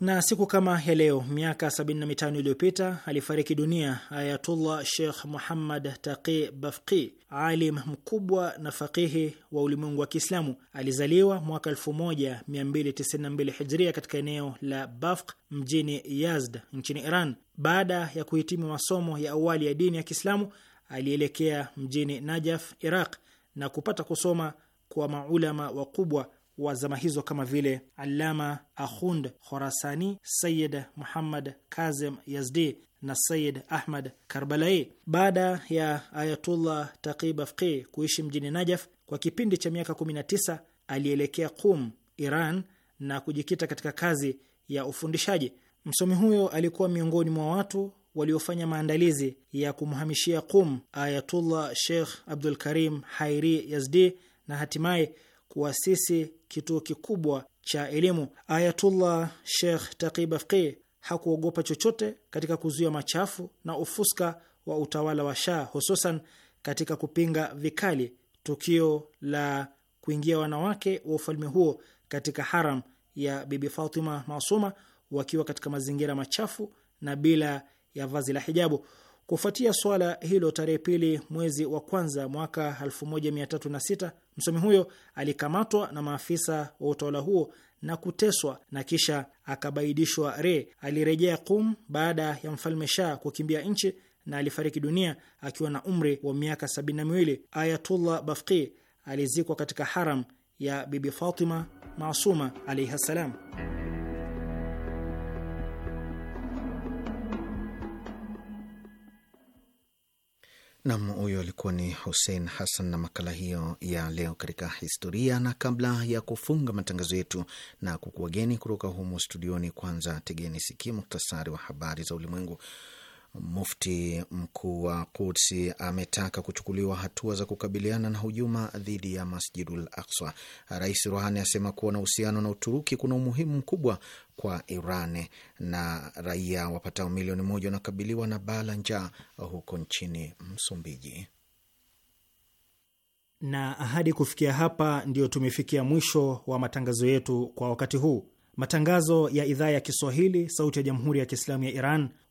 S7: Na siku kama ya leo miaka 75 iliyopita alifariki dunia Ayatullah Sheikh Muhammad Taqi Bafqi, alim mkubwa na faqihi wa ulimwengu wa Kiislamu. Alizaliwa mwaka 1292 Hijria katika eneo la Bafq mjini Yazd nchini Iran. Baada ya kuhitimu masomo ya awali ya dini ya Kiislamu, alielekea mjini Najaf, Iraq, na kupata kusoma kwa maulama wakubwa wa zama hizo kama vile Allama Ahund Khorasani, Sayid Muhammad Kazem Yazdi na Sayid Ahmad Karbalai. Baada ya Ayatullah Taqi Bafqi kuishi mjini Najaf kwa kipindi cha miaka 19, alielekea Qum, Iran, na kujikita katika kazi ya ufundishaji. Msomi huyo alikuwa miongoni mwa watu waliofanya maandalizi ya kumhamishia Qum Ayatullah Sheikh Abdul Karim Hairi Yazdi na hatimaye kuasisi kituo kikubwa cha elimu. Ayatullah Sheikh Taqi Bafqi hakuogopa chochote katika kuzuia machafu na ufuska wa utawala wa Shah, hususan katika kupinga vikali tukio la kuingia wanawake wa ufalme huo katika haram ya Bibi Fatima Masuma wakiwa katika mazingira machafu na bila ya vazi la hijabu. Kufuatia swala hilo, tarehe pili mwezi wa kwanza mwaka 1306 msomi huyo alikamatwa na maafisa wa utawala huo na kuteswa na kisha akabaidishwa re. Alirejea Qum baada ya mfalme Shah kukimbia nchi na alifariki dunia akiwa na umri wa miaka sabini na miwili. Ayatullah Bafqi alizikwa katika haram ya Bibi Fatima Masuma alaihi ssalam.
S4: Nam, huyo alikuwa ni Hussein Hassan na makala hiyo ya leo katika historia. Na kabla ya kufunga matangazo yetu na kukuwageni kutoka humo studioni, kwanza tegeni sikio muktasari wa habari za ulimwengu. Mufti mkuu wa Kudsi ametaka kuchukuliwa hatua za kukabiliana na hujuma dhidi ya Masjidul Aksa. Rais Rohani asema kuwa na uhusiano na Uturuki kuna umuhimu mkubwa kwa Iran na raia wapatao milioni moja wanakabiliwa na baa la njaa huko nchini Msumbiji.
S7: Na ahadi kufikia hapa, ndiyo tumefikia mwisho wa matangazo yetu kwa wakati huu. Matangazo ya idhaa ya Kiswahili, Sauti ya Jamhuri ya Kiislamu ya Iran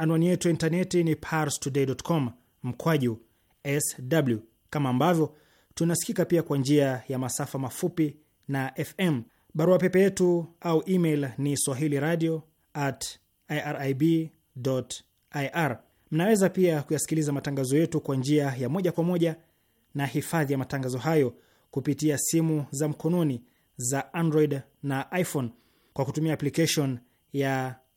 S7: Anwani yetu ya intaneti ni parstoday.com mkwaju sw, kama ambavyo tunasikika pia kwa njia ya masafa mafupi na FM. Barua pepe yetu au email ni swahili radio at irib ir. Mnaweza pia kuyasikiliza matangazo yetu kwa njia ya moja kwa moja na hifadhi ya matangazo hayo kupitia simu za mkononi za Android na iPhone kwa kutumia application ya